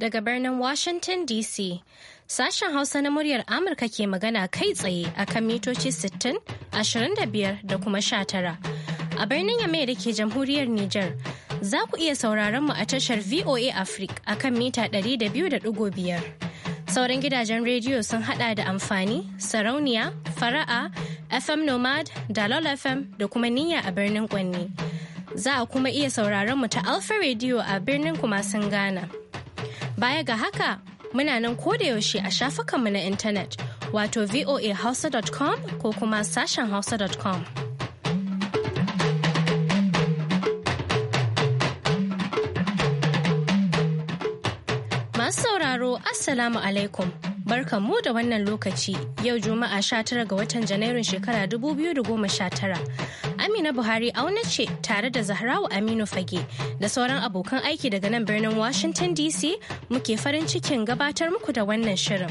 daga birnin Washington DC. Sashen Hausa na muryar Amurka ke magana kai tsaye a kan mitoci 60, 25 da kuma 19. A birnin yamai da ke jamhuriyar Nijar, za ku iya sauraron mu a tashar VOA Africa a kan mita 200.5. Sauran gidajen rediyo sun hada da amfani, sarauniya, fara'a, FM Nomad, Dalol FM da kuma niyya a birnin Kwanne. Za a kuma iya sauraron mu ta Alfa Radio a birnin Kumasin Ghana. Baya ga haka, muna nan yaushe a shafukanmu na intanet wato voahausa.com ko kuma sashen hausa.com. sauraro Assalamu alaikum. Barkan mu da wannan lokaci yau Juma'a 19 ga watan Janairun shekara 2019. Amina Buhari auna ce tare da Zahrawu Aminu Fage da sauran abokan aiki daga nan birnin Washington DC muke farin cikin gabatar muku da wannan shirin.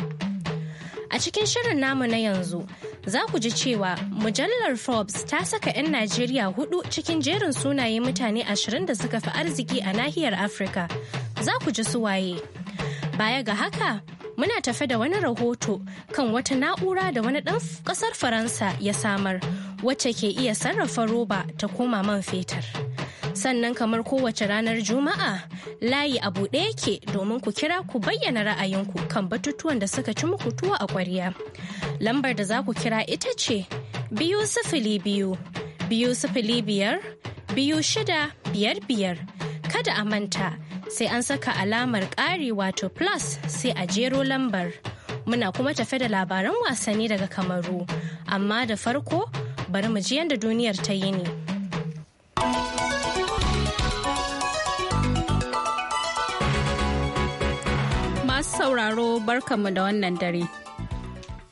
A cikin shirin namu na yanzu, za ku ji cewa mujallar Forbes ta saka 'yan Najeriya hudu cikin jerin sunaye mutane ashirin da suka fi arziki a nahiyar Afirka. Za ku ji su waye. Baya ga haka, muna tafe da wani rahoto kan wata na'ura da wani ɗan ƙasar Faransa ya samar, wacce ke iya sarrafa roba ta koma man fetur. Sannan kamar kowace ranar Juma'a, layi a buɗe yake domin ku kira ku bayyana ra'ayinku kan batutuwan da suka ci muku tuwo a ƙwarya. Lambar da za ku kira ita ce biyu sifili biyu, biyu sifili biyar, biyu shida biyar biyar. Kada a manta sai an saka alamar ƙari wato plus sai a jero lambar. Muna kuma tafe da labaran wasanni daga Kamaru, amma da farko bari mu ji yadda duniyar ta yi ne. Masu sauraro barkanmu da wannan dare.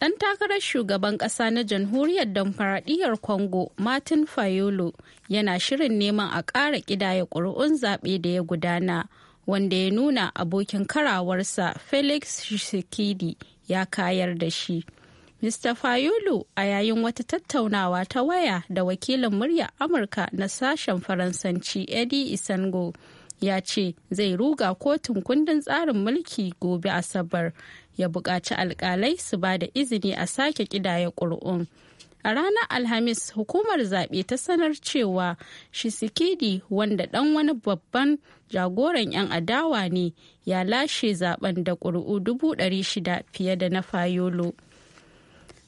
Ɗan takarar shugaban ƙasa na jamhuriyar Damfaraɗiyar Congo, Martin Fayolo, yana shirin neman a ƙara ƙidaya ƙuri'un zaɓe da ya gudana. wanda ya nuna abokin karawarsa felix shikidi ya kayar da shi mr fayulu a yayin wata tattaunawa ta waya da wakilin murya amurka na sashen faransanci eddie isango ya ce zai ruga kotun kundin tsarin mulki gobe asabar ya buƙaci alƙalai su ba da izini a sake ƙidaya ƙuri'un. A ranar Alhamis, hukumar zaɓe ta sanar cewa Shisikidi wanda ɗan wani babban jagoran 'yan adawa ne ya lashe zaben da ƙuri'u shida fiye da na Fayolo.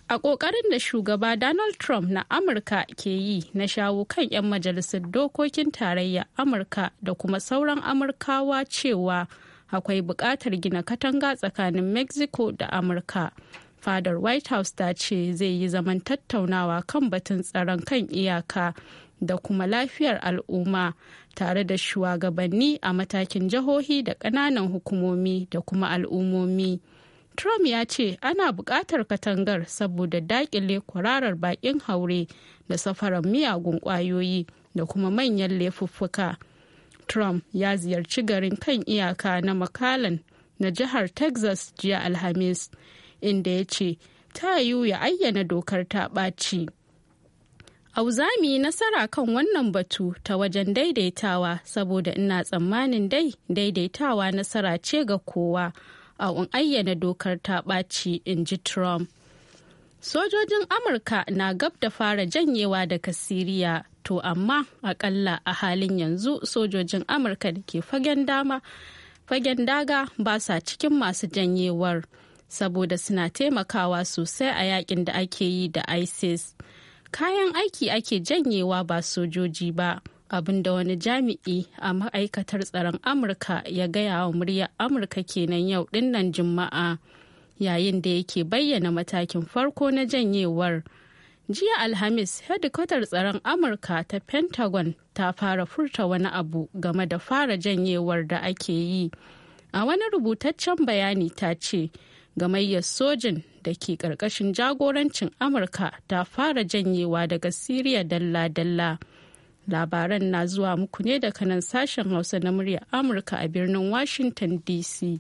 a ƙoƙarin da shugaba donald trump na amurka ke yi na shawo kan 'yan majalisar dokokin tarayya amurka da kuma sauran amurkawa cewa akwai buƙatar gina katanga tsakanin mexico da amurka fadar white house ta ce zai yi zaman tattaunawa kan batun tsaron kan iyaka da kuma lafiyar al'umma tare da shugabanni a matakin jihohi da ƙananan hukumomi da kuma al'ummomi trump ya ce ana buƙatar katangar saboda dakile kwararar baƙin haure da safarar miyagun ƙwayoyi da kuma manyan laifuffuka trump ya ziyarci garin kan iyaka na makalan na jihar texas jiya alhamis inda ya ce ta yiwu ya ayyana dokar ta ɓaci. Auzami nasara kan wannan batu ta wajen daidaitawa saboda ina tsammanin dai daidaitawa nasara ce ga kowa a un ayyana dokar ta ɓaci in ji Trump. Sojojin Amurka na gab da fara janyewa daga Siriya to amma akalla a halin yanzu sojojin Amurka da ke fagen fagen daga ba sa cikin masu janyewar. saboda suna taimakawa sosai a yakin da ake yi da isis kayan aiki ake janyewa ba sojoji ba Abin da wani jami'i a ma'aikatar tsaron amurka ya gaya wa muryar amurka kenan yau dinnan juma'a yayin da yake bayyana matakin farko na janyewar jiya alhamis hedikwatar tsaron amurka ta pentagon ta fara furta wani abu game da fara janyewar da ake yi a wani rubutaccen bayani ta ce gamayyar sojin da ke ƙarƙashin jagorancin amurka ta fara janyewa daga siriya dalla-dalla labaran na zuwa muku ne daga nan sashen hausa na muryar amurka a birnin washington dc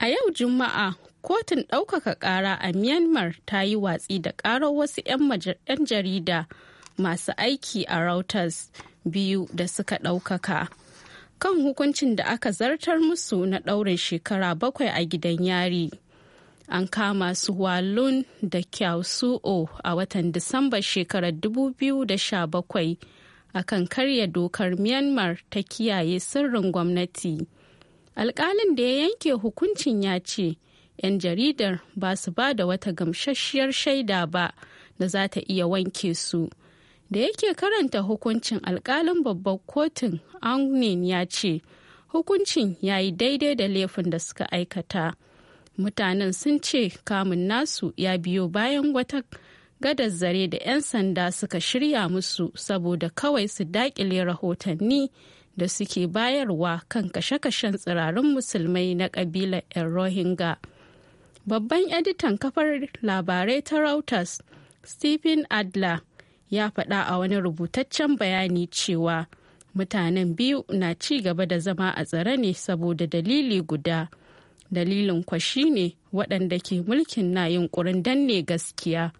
a yau juma'a kotun ɗaukaka ƙara a myanmar ta yi watsi da ƙarar wasu 'yan jarida masu aiki a reuters biyu da suka ɗaukaka. kan hukuncin da aka zartar musu na ɗaurin shekara bakwai a gidan yari. An kama su Walun da Su-O a watan Disamba shekarar 2017 a kan karya dokar Myanmar ta kiyaye sirrin gwamnati. Alƙalin da ya yanke hukuncin ya ce, ‘yan jaridar ba su ba da wata gamsasshiyar shaida ba da za ta iya wanke su. da yake karanta hukuncin alkalin babbar kotun angnin ya ce hukuncin ya yi daidai da laifin da suka aikata mutanen sun ce kamun nasu ya biyo bayan wata gadar zare da 'yan sanda suka shirya musu saboda kawai su dakile rahotanni da suke bayarwa kan kashe-kashen tsirarin musulmai na kabilar 'yan rohingya babban editan kafar labarai ta reuters stephen adler ya faɗa a wani rubutaccen bayani cewa mutanen biyu na ci gaba da zama a tsare ne saboda dalili guda dalilin kwashi ne waɗanda ke mulkin na yunkurin danne gaskiya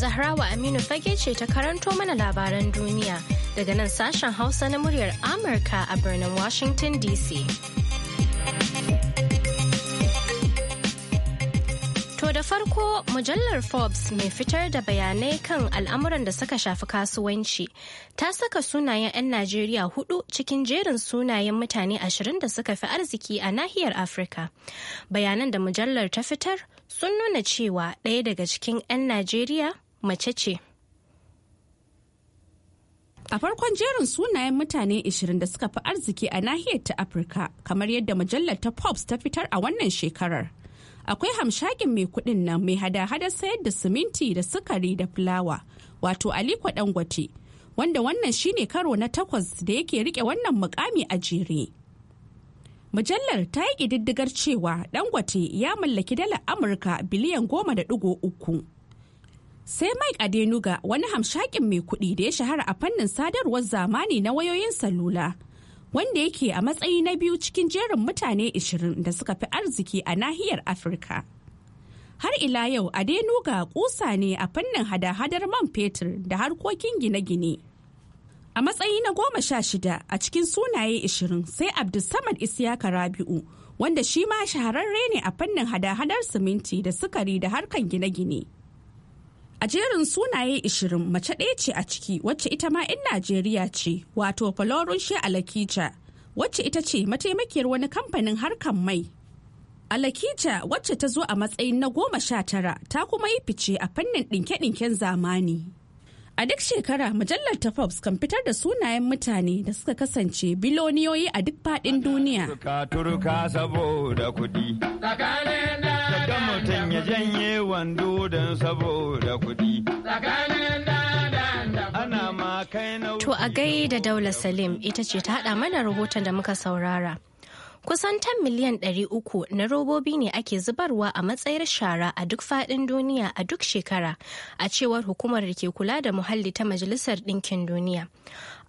zahrawa aminu fage ce ta karanto mana labaran duniya daga nan sashen hausa na muryar amurka a birnin washington dc da farko mujallar Forbes mai fitar da bayanai kan al'amuran da suka shafi kasuwanci ta saka sunayen 'yan Najeriya hudu cikin jerin sunayen mutane ashirin da suka fi arziki a nahiyar Afirka. Bayanan da mujallar ta fitar sun nuna cewa ɗaya daga cikin 'yan Najeriya mace ce. A farkon jerin sunayen mutane 20 da suka fi arziki a nahiyar ta Afirka, kamar yadda mujallar ta Forbes ta fitar a wannan shekarar. akwai hamshakin mai kuɗin nan mai hada-hada sayar da siminti da sukari da fulawa wato aliko dangote wanda wannan shine karo na takwas da yake rike wannan mukami a jere mujallar ta yi ƙididdigar cewa dangote ya mallaki dala amurka biliyan goma da ɗigo uku sai mike adenuga wani hamshakin mai kuɗi da ya shahara a fannin sadarwar zamani na wayoyin salula wanda yake a matsayi na biyu cikin jerin mutane 20 da suka fi arziki a nahiyar Afirka. Har ila yau Adenuga kusa ne a fannin hada-hadar man fetur da harkokin gine-gine. A matsayi na goma sha shida a cikin sunaye 20 sai Abdulsamad Isiyaka Rabi'u wanda shi ma shahararre ne a fannin hada-hadar siminti da sukari da harkan gine-gine. A jerin sunaye 20 mace ɗaya ce a ciki wacce ita ma 'yan Najeriya ce wato a Alakija wacce ita ce mataimakiyar wani kamfanin harkar mai. Alakija wacce ta zo a matsayin na goma sha tara ta kuma yi fice a fannin ɗinke-ɗinken zamani. A duk shekara mujallar ta Forbes kan fitar da sunayen mutane da suka kasance biloniyoyi a duk faɗin duniya. Turka saboda kuɗi. mutum ya janye wando don saboda kuɗi. To a gaida Daula Salim ita ce ta haɗa mana rahoton da muka saurara. Kusan tan miliyan uku na robobi ne ake zubarwa a matsayar shara a duk faɗin duniya a duk shekara, a cewar hukumar da ke kula da muhalli ta Majalisar Ɗinkin Duniya.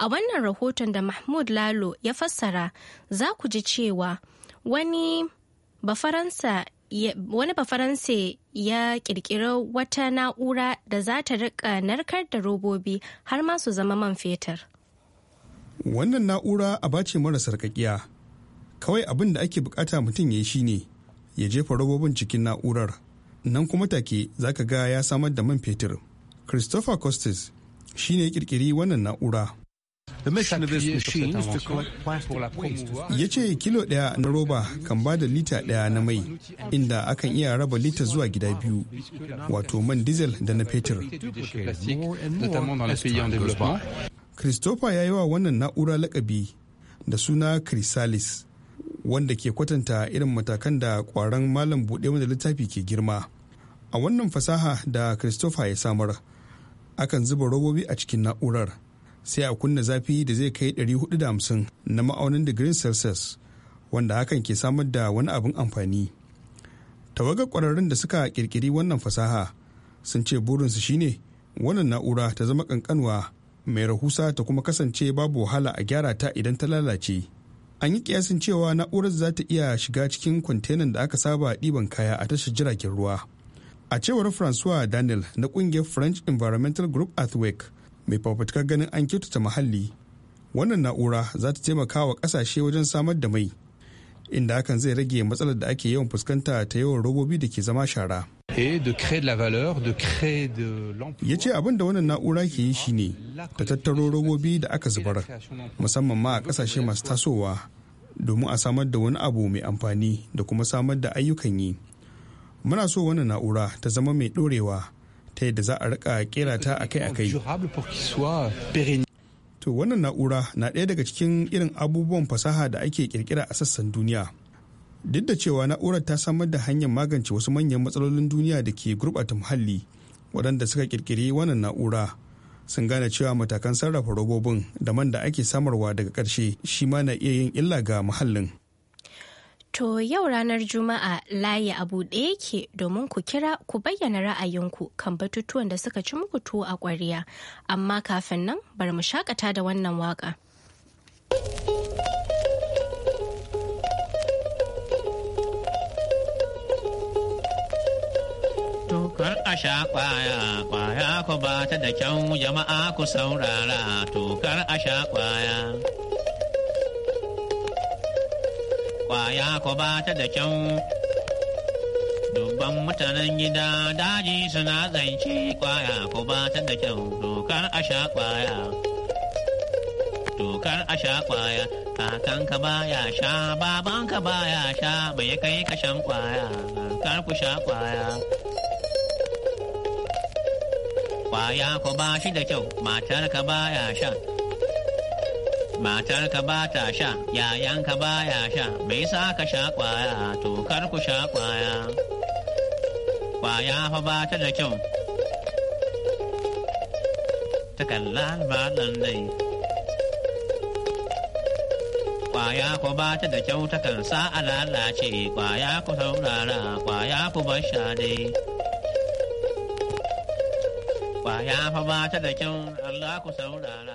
A wannan rahoton da Mahmud Lalo ya fassara, za ku ji cewa wani ba faransa wani bafaransa ya kirkiri wata na'ura da za ta rika narkar da robobi har ma su zama man fetur. Wannan na'ura a bace mara sarkakiya. Kawai abin da ake bukata mutum ya yi shine ya jefa robobin cikin na'urar. Nan kuma take za ka ga ya samar da man fetur. Christopher Costes shi ne ya kirkiri wannan na'ura. Ya ce kilo ɗaya na roba kan ba da lita ɗaya na mai, inda akan iya raba lita zuwa gida biyu, wato man diesel da na fetur. Christopher ya yi wa wannan na'ura lakabi da suna Chrysalis, wanda ke kwatanta irin matakan da ƙwaron malam buɗe wanda littafi ke girma. A wannan fasaha da Christopher ya samar, akan zuba robobi a cikin na'urar. sai a kunna zafi da zai kai 450 na ma'aunin digirin celsius wanda hakan ke samar da wani abin amfani tawagar kwararrun da suka kirkiri wannan fasaha sun ce burinsu shine wannan na'ura ta zama kankanwa mai rahusa ta kuma kasance babu wahala a gyara ta idan ta lalace an yi kiyasin cewa na'urar za ta iya shiga cikin kwantenan da aka saba ɗiban kaya a tashar jiragen ruwa a cewar francois daniel na ƙungiyar french environmental group earthwake mai fafutukar ganin an kyautata muhalli wannan na'ura za ta taimaka wa kasashe wajen samar da mai inda hakan zai rage matsalar da ake yawan fuskanta ta yawan robobi da ke zama shara ya ce abin da wannan na'ura ke yi shine ta tattaro robobi da aka zubar musamman ma a kasashe masu tasowa domin a samar da wani abu mai amfani da kuma samar da ayyukan yi muna so wannan na'ura ta zama mai dorewa ta yadda za a rika kera ta akai-akai. To wannan na'ura na ɗaya daga cikin irin abubuwan fasaha da ake kirkira a sassan duniya. Duk da cewa na'urar ta samar da hanyar magance wasu manyan matsalolin duniya da ke gurɓata muhalli waɗanda suka kirkiri wannan na'ura sun gane cewa matakan sarrafa robobin da man da ake samarwa daga ƙarshe shi ma na iya yin illa ga muhallin. To yau ranar Juma'a layi a buɗe yake domin ku kira ku bayyana ra'ayinku kan batutuwan da suka ci muku tuwo a ƙwariya. Amma kafin nan bari mu shakata da wannan waƙa. Tukar a sha kwaya, kwaya ku ba ta da kyau jama'a ku saurara, tukar a sha kwaya. kwaya ko ba ta da kyau. Dubban mutanen gida daji suna zance kwaya ko ba ta da kyau dokar a sha kwaya. Dokar a sha kwaya, kakanka ba ya sha, babanka ba ya sha, bai kai kashan kwaya, kar ku sha kwaya. Kwaya ko ba shi da kyau, matarka ba ya sha. matarka ba ta sha yayanka ba ya sha bai sa ka sha kwaya to kar ku sha kwaya kwaya fa ba ta da kyau takalla malam dai kwaya ku ba ta da kyau takan sa a lalace kwaya ku saurara kwaya ku bar sha dai kwaya fa ba ta da kyau Allah ku saurara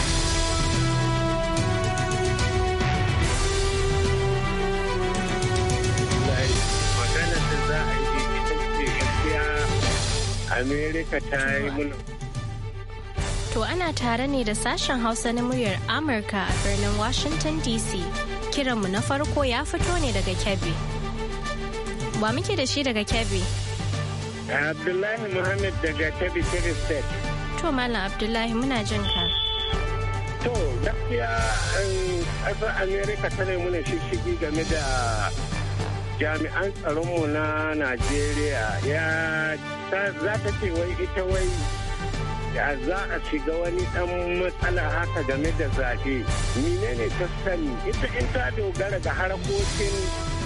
america ta yi mulu to ana tare ne da sashen hausa na muryar amurka a birnin washington dc kiranmu na farko ya fito ne daga kebbi ba muke da shi daga kebbi abdullahi muhammad daga kebbi kebbi state to malam abdullahi muna jin ka to gaskiya ƙasar america tana muna shishigi game da jami'an tsaronmu na najeriya ya za ta ce wai ita wai za a shiga wani dan matsala haka game da zaɓe menene ta sani ita in ta dogara ga harkokin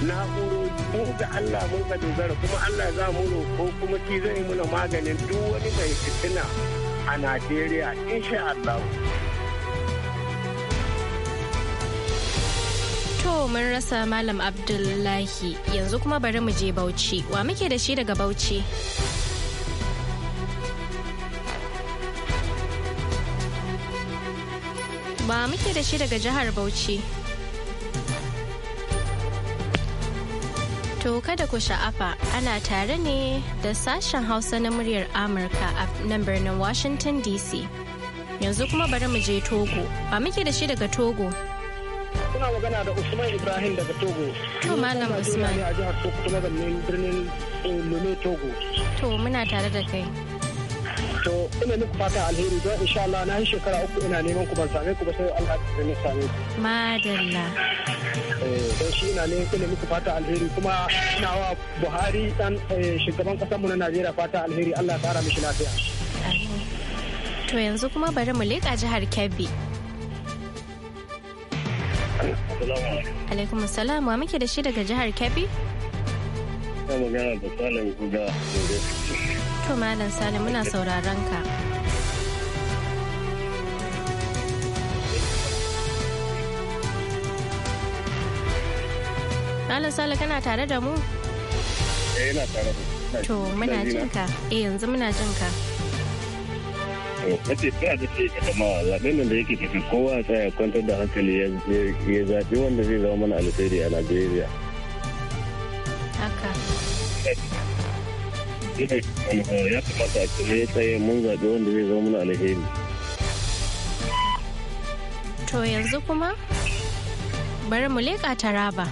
na'urori mu ga Allah mun ka dogara kuma Allah za mu roƙo kuma shi zai muna maganin duk wani mai fitina a Najeriya insha Allah. To mun rasa Malam Abdullahi yanzu kuma bari mu je Bauchi. Wa muke da shi daga Bauchi? ba muke da shi daga jihar Bauchi. To kada ku sha'afa ana tare ne da sashen Hausa na muryar Amurka a nan birnin Washington DC. Yanzu kuma bari mu je Togo, ba muke da shi daga Togo. Kuna magana da Usman Ibrahim daga Togo. To Malam Usman. a jihar Togo kuma birnin Lome Togo. To muna tare da kai. to ina muku fata alheri don insha Allah na yi shekara uku ina neman ku ban same ku ba sai Allah ya madalla eh don shi ina ne ina muku fata alheri kuma ina wa Buhari dan eh, shugaban kasar mu na Najeriya fata alheri Allah ya mishi lafiya to yanzu kuma bari mu leƙa jihar Kebbi alaikum salam wa muke da shi daga jihar Kebbi magana da salam To Malam Sani muna sauraron ka. Malam Sani kana tare da mu? Eh ina tare da To muna jin ka. Eh yanzu muna jin ka. Kace ta da ce ga jama'a zaben nan da yake tafi kowa tsaya kwantar da hankali ya zaɓi wanda zai zama mana alheri a Najeriya. Haka. Eh. ya kamata a tsaye tsaye mun zaɓi wanda zai zama mana alheri. To yanzu kuma bari mu leƙa taraba.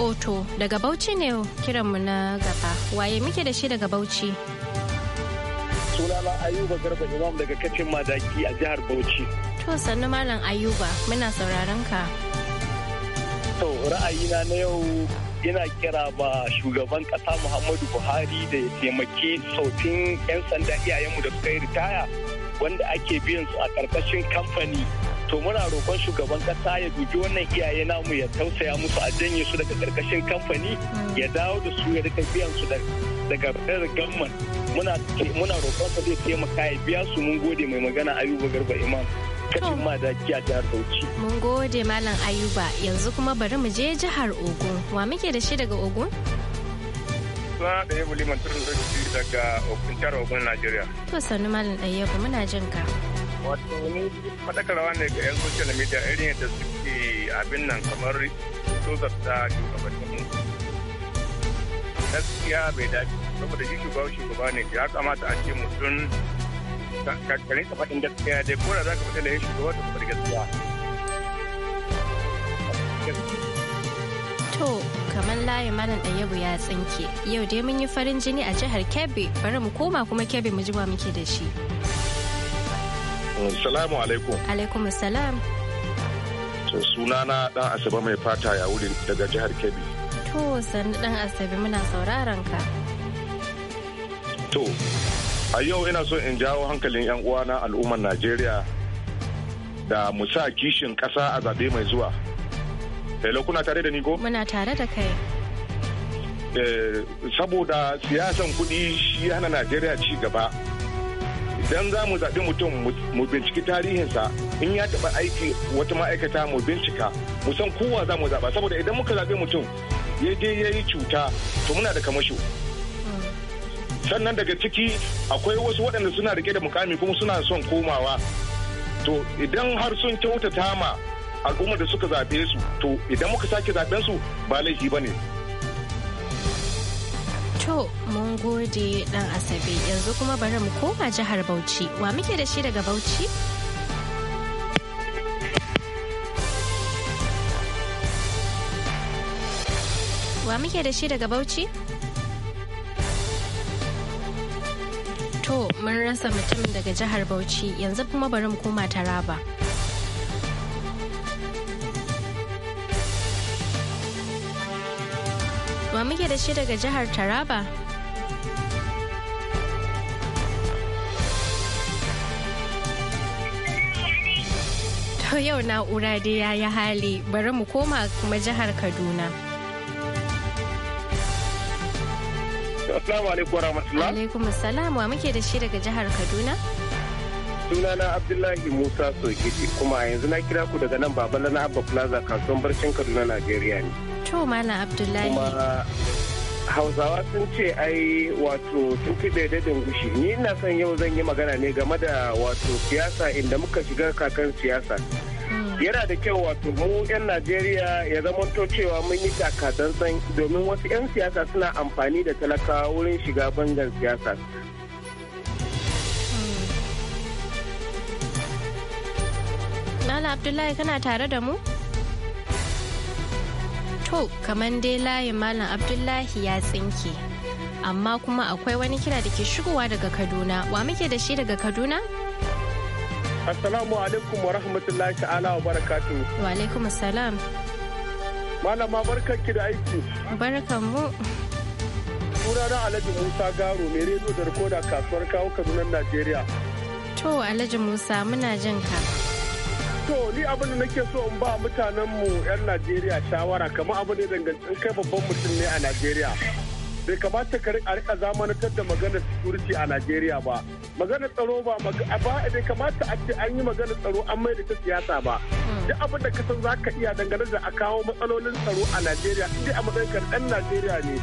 Oto daga Bauchi ne kiranmu na gaba. Waye muke da shi daga Bauchi? Sunana Ayuba Garba Imam daga kacin madaki a jihar Bauchi. To sannu Malam Ayuba muna sauraron ka. To ra'ayina na yau yana kira ba shugaban kasa Muhammadu Buhari da ya taimaki sautin 'yan sanda iyayenmu da suka yi ritaya wanda ake biyan su a karkashin kamfani. To muna roƙon shugaban kasa ya dubi wannan iyaye namu ya tausaya musu a janye su daga karkashin kamfani ya dawo da su ya rika biyan su daga fadar gamman. Muna roƙon sa zai taimaka ya biya su mun gode mai magana Ayuba Garba Imam. kafin ma a jihar Bauchi. Mun gode Malam Ayuba yanzu kuma bari mu je jihar Ogun. Wa muke da shi daga Ogun? Suna da yabo liman turin da shi daga Ogun jihar Ogun Najeriya. To sannu Malam Ɗayyabu muna jin ka. Wato ni faɗakarwa ne ga 'yan social media irin yadda suke abin nan kamar tozar ta shugabannin gaskiya bai dace saboda shi shugaba shugaba ne ya kamata a ce mutum ka rinka faɗin gaskiya dai ko da za ka fita da ya shugaba ka faɗi gaskiya. To, kamar layi malam ɗayabu ya tsinke. Yau dai mun yi farin jini a jihar Kebbi, bari mu koma kuma Kebbi mu ji wa muke da shi. Salamu alaikum. Alaikum salam. To sunana ɗan asaba mai fata ya wuri daga jihar Kebbi. To, sannu ɗan asabi muna sauraron ka. To, a yau ina so in jawo hankalin 'yan uwana al'ummar najeriya da mu sa kishin kasa a zaɓe mai zuwa hello kuna tare da ni ko muna tare da kai eh, saboda siyasan kuɗi shi hana najeriya ci gaba idan za mu zaɓi mutum mu binciki tarihinsa in ya taɓa aiki wata ma'aikata mu bincika musan kowa za mu zaɓa saboda idan muka zaɓi mutum ya je ya yi cuta to muna da kamasho sannan daga ciki akwai wasu waɗanda suna rike da mukami kuma suna son komawa to idan har sun kyautata ma al'ummar da suka zaɓe su to idan muka sake zaɓen su ba laifi ba ne to mun gode dan asabe yanzu kuma bari mu koma jihar bauchi wa muke da shi daga bauchi wa muke da shi daga bauchi To mun rasa mutumin daga jihar Bauchi yanzu kuma bari mu koma Taraba. Wa muke da shi daga jihar Taraba? To yau na'ura dai ya yi hali bari mu koma kuma jihar Kaduna. Assalamu alaikum warahmatullah. Alaikum assalam wa muke da shi daga jihar Kaduna? Sunana Abdullahi Musa Sokiti kuma yanzu na kira ku daga nan Babala na Abba Plaza kasuwan barcin Kaduna Najeriya ne. To Malam Abdullahi. Kuma Hausawa sun ce ai wato sun fi daidaitun gushi ni ina son yau zan yi magana ne game da wato siyasa inda muka shiga kakan siyasa. yana da kyau wato mu 'yan najeriya ya zamanto cewa mun yi takatsantsan domin wasu 'yan siyasa suna amfani da talakawa wurin shiga bangan siyasa malam Abdullahi kana tare da mu? To, kamar dai layin Malam Abdullahi ya tsinke. Amma kuma akwai wani kira da ke shigowa daga Kaduna. Wa muke da shi daga Kaduna? Assalamu alaikum wa rahmatullahi ta'ala wa barakatu. Wa alaikum assalam. Malama barkar ki da aiki. Barkan mu. Sunana Alhaji Musa Garo mai rezo da rikoda kasuwar kawo Kaduna Najeriya. To Alhaji Musa muna jin ka. To ni abin da nake so in ba mutanen mu 'yan Najeriya shawara kamar abu ne dangantin babban mutum ne a Najeriya. bai kamata ka rika zamanantar da maganar security a Najeriya ba. Maganar tsaro ba bai kamata a ce an yi maganar tsaro an mai da ta siyasa ba. Hmm. Duk abin da ka san za ka iya dangane da a kawo matsalolin tsaro a Najeriya sai a matsayin ka ɗan Najeriya ne.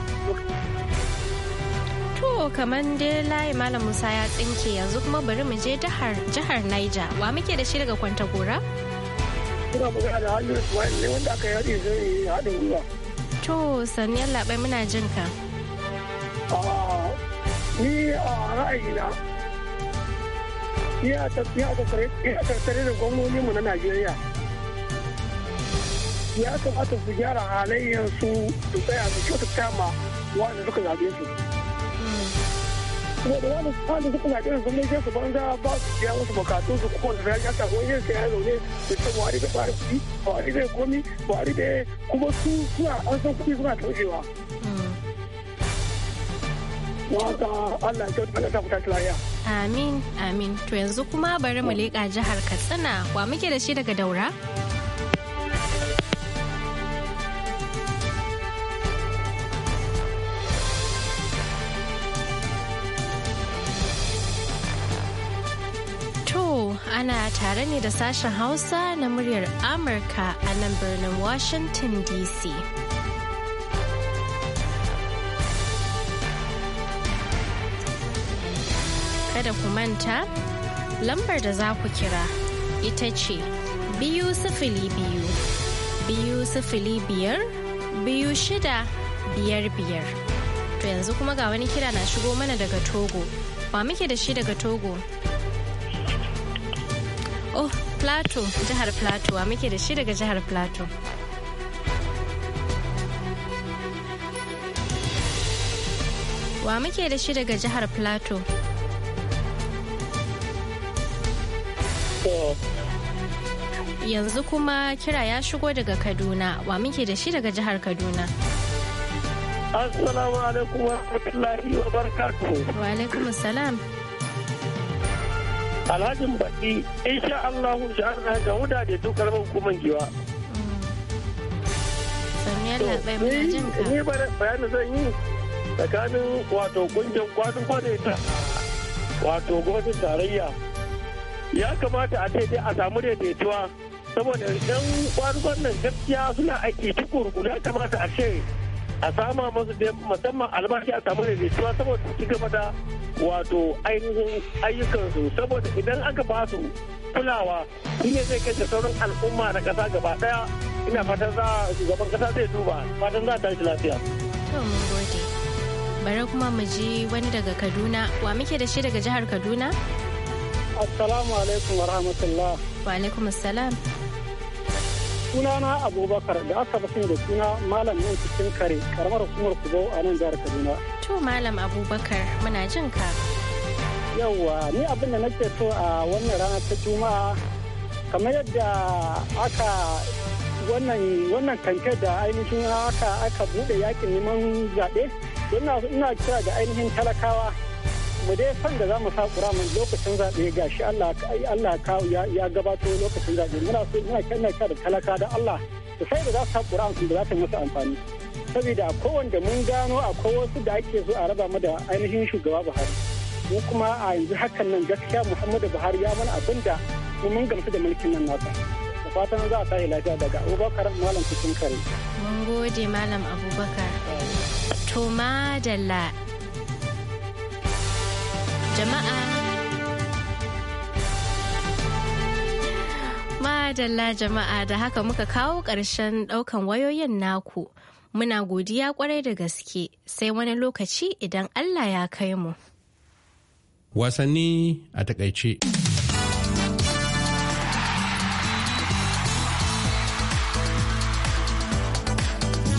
To kamar dai layi Malam Musa ya tsinke yanzu kuma bari mu je jihar Niger. Wa muke da shi daga Kwanta Gora? Ina magana da hannun Ismail ne wanda aka yi haɗin gwiwa. To sannan labai muna jin ka. ni a ra'ayina ni a tattare da gwamnoninmu na najeriya ya kamata su gyara halayyarsu su tsaya su kyautata ma wanda suka zaɓe su saboda wani wanda suka zaɓe su gwamnati su banza ba su biya musu bukatun su kuma da ya ta ko yin ya zaune da ta buhari da fara kuɗi buhari da komi buhari da kuma su suna an san kuɗi suna taushewa Allah Amin, amin. To yanzu kuma bari mu leƙa jihar Katsina. Wa muke da shi daga Daura? ana tare ne da sashen hausa na muryar amurka a nan birnin washington dc kada ku manta lambar da za ku kira ita ce biyu sifili biyu biyu sifili biyar biyu shida biyar biyar to yanzu kuma ga wani kira na shigo mana daga togo ba muke da shi daga togo oh plato jihar plato wa muke da shi daga jihar plato wa muke da shi daga jihar plateau Yanzu kuma kira ya shigo daga Kaduna, wa muke da shi daga jihar Kaduna. Assalamu alaikum wa rahmatullahi wa barakatuhu. Wa alaikum salam. Alhajin baki, insha Allahu sha'arna ga wuda da karamin kuma giwa. Ni bayani zan yi tsakanin wato kungiyar kwadon kwadon wato gwamnatin tarayya ya kamata a ce a samu daidaituwa saboda idan kwarugon nan gaskiya suna aiki tukur ya kamata a ce a sama masu musamman albashi a samu daidaituwa saboda su gaba da wato ainihin ayyukansu saboda idan aka ba su kulawa shi ne zai kashe sauran al'umma na kasa gaba ɗaya ina fatan za shugaban kasa zai duba fatan za ta shi lafiya. bara kuma mu ji wani daga Kaduna, wa muke da shi daga jihar Kaduna? Assalamu alaikum wa rahmatullah. Wa alaikum assalam. Sunana Abubakar da aka fi da suna Malam yin cikin kare karamar hukumar Kubo a nan jihar Kaduna. To Malam Abubakar muna jin ka. Yawwa ni abin da nake so a wannan rana ta Juma'a kamar yadda aka wannan wannan kanke da ainihin haka aka bude yakin neman zaɓe ina kira da ainihin talakawa mu dai san da za mu sa mun lokacin zaɓe ga shi Allah ya gabato lokacin zaɓe muna so muna kyanna da talaka da Allah to sai da za su sa mun da za ta musu amfani saboda kowanne mun gano akwai wasu da ake so a raba mu da ainihin shugaba Buhari mu kuma a yanzu hakan nan gaskiya Muhammadu Buhari ya mana abin da mun gamsu da mulkin nan nasa da fatan za a sa lafiya daga Abubakar Malam Cikin Kare. Mun gode Malam Abubakar. To madalla jama'a Madalla jama'a da haka muka kawo ƙarshen ɗaukan wayoyin naku. Muna godiya ƙwarai da gaske sai wani lokaci idan Allah ya kai mu. Wasanni a takaice.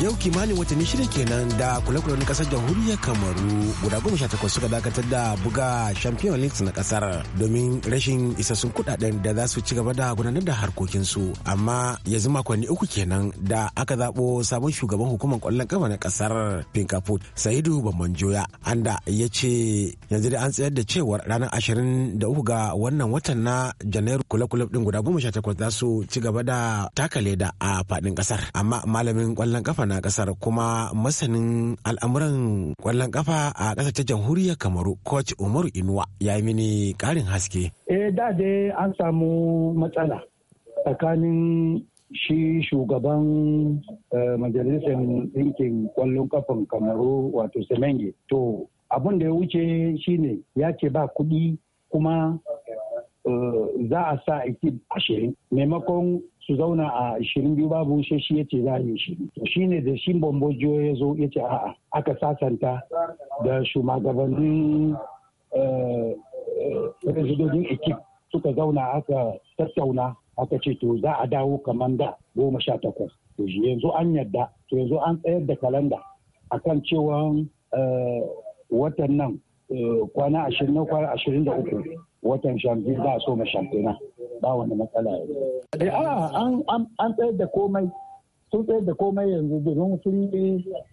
yau kimanin watanni shida kenan da kula-kula na kasar jamhuriyar kamaru guda goma sha takwas suka dakatar da buga champion league na kasar domin rashin isassun kudaden da za su ci gaba da gudanar da harkokinsu amma yanzu makonni uku kenan da aka zabo sabon shugaban hukumar kwallon kafa na kasar pinkaput saidu bambanjoya anda ya ce yanzu da an tsayar da cewar ranar ashirin da uku ga wannan watan na janairu kula-kula din guda goma sha takwas za su ci gaba da taka leda a faɗin kasar amma malamin kwallon kafa na kasar kuma masanin al'amuran kwallon kafa a kasar ta jamhuriyar kamaru coach umaru inuwa ya yi mini karin haske eh da dai an samu matsala tsakanin shi shugaban eh, majalisar ɗinkin kwallon kafan kamaru wato semenge to abin da ya wuce shine ya ce ba kuɗi kuma eh, za a sa ekip ashirin maimakon su zauna a ishirin biyu babu sai shi ya ce za a yi shi to shi ne da shi bombojiyo ya zo ya ce a'a aka sasanta da shugabannin eh, eh, rezidodin ekip suka zauna aka tattauna aka ce to za a dawo kamar da goma sha takwas to yanzu an yadda to yanzu an tsayar da kalanda akan cewa eh, watan nan Eh, kwana ashirin na kwana ashirin da uku watan shamfi ba so ma shamfina ba wani matsala yanzu. zai eh, an tsayar da komai sun tsayar da komai yanzu domin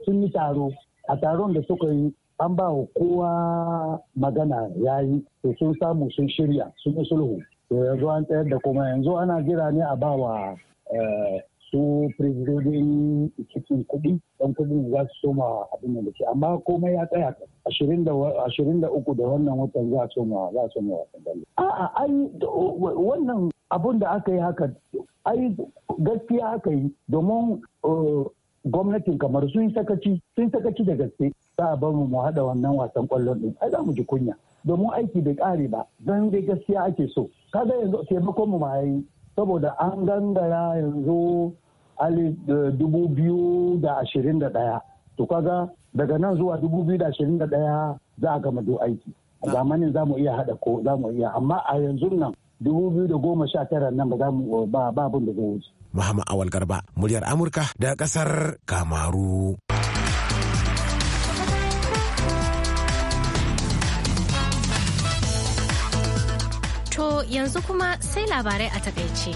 sun yi taro a taron da suka yi an ba wa kowa magana ya yi to sun samu sun shirya sun yi sulhu to yanzu an tsayar da komai yanzu ana jira ne a ba wa eh, su firistodin cikin kuɗi don kuɗin za su soma abin da ke amma komai ya tsaya ashirin da uku da wannan watan za a soma za a soma wasan dalle. A'a ai wannan abun da aka yi haka ai gaskiya aka yi domin uh, gwamnatin kamar sun sakaci sun sakaci da gaske za a bamu mu mu haɗa wannan wasan ƙwallon ɗin ai za mu ji kunya domin aiki bai ƙare ba don dai gaskiya ake so kaga yanzu taimakon mu ma yayi saboda an gangara yanzu ali eh, dubu biyu da ashirin da ɗaya to kaga daga nan zuwa dubu biyu da ashirin da ɗaya za a gama duk aiki a zamanin za mu iya hada ko za mu iya amma a yanzu nan dubu biyu da goma sha tara nan ba za mu ba abin da zai wuce. Muhammad Awal Garba, muryar Amurka da ƙasar Kamaru. yanzu kuma sai labarai a takaice.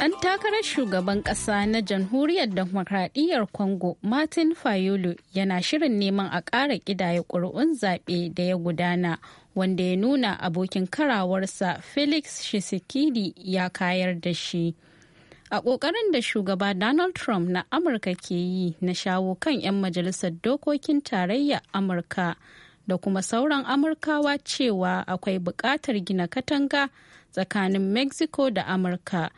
Ɗan takarar shugaban ƙasa na jamhuriyar demokradiyyar Congo Martin Fayulu yana shirin neman a ƙara ƙidaya ƙuri'un zaɓe da ya gudana wanda ya nuna abokin karawarsa Felix shisikidi ya kayar da shi. a ƙoƙarin da shugaba donald trump na amurka ke yi na shawo kan 'yan majalisar dokokin tarayya amurka da kuma sauran amurkawa cewa akwai buƙatar gina katanga tsakanin mexico da amurka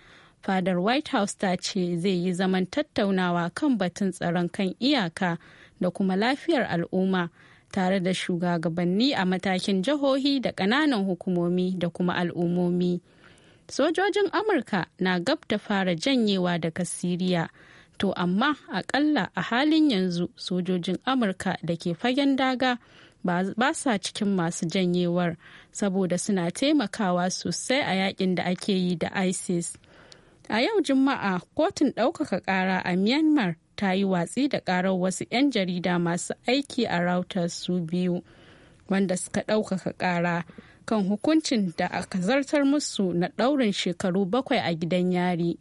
fadar white house ta ce zai yi zaman tattaunawa kan batun tsaron kan iyaka da kuma lafiyar al'umma tare da shugabanni a matakin jihohi da ƙananan hukumomi da kuma al'umomi. sojojin amurka na gab da fara janyewa daga siriya to amma akalla a halin yanzu sojojin amurka da ke fagen daga ba sa cikin masu janyewar saboda suna taimakawa sosai a yakin da ake yi da isis a yau juma'a kotun ɗaukaka ƙara a myanmar ta yi watsi da ƙarar wasu 'yan jarida masu aiki a rautar su biyu wanda suka ɗaukaka ƙara kan hukuncin da aka zartar musu na ɗaurin shekaru bakwai a gidan yari.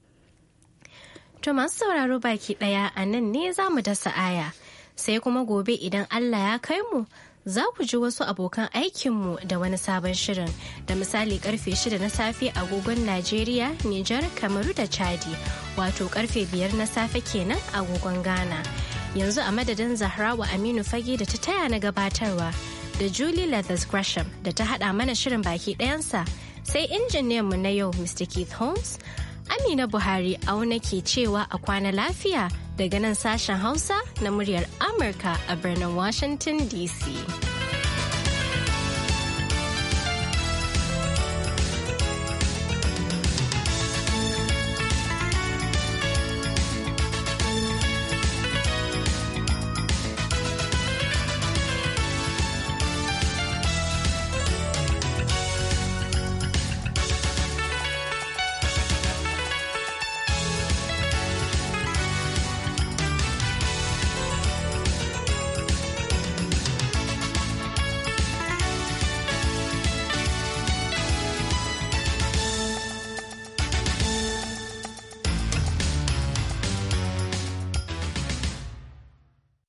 To masu sauraro baki ɗaya a nan ne za mu dasa aya, sai kuma gobe idan Allah ya kai mu za ku ji wasu abokan aikinmu da wani sabon shirin da misali karfe shida na safe agogon Najeriya, Nijar, Kamaru da Chadi, wato karfe 5 na safe kenan agogon Ghana. Yanzu a madadin Zahrawa Aminu Fage da ta taya na gabatarwa. da Julie Leathers Gresham da ta haɗa mana shirin baki ɗayansa sai injiniyanmu na yau Mr. Keith Holmes. Amina Buhari auna ke cewa a kwana lafiya daga nan sashen Hausa na muryar Amurka a birnin Washington DC.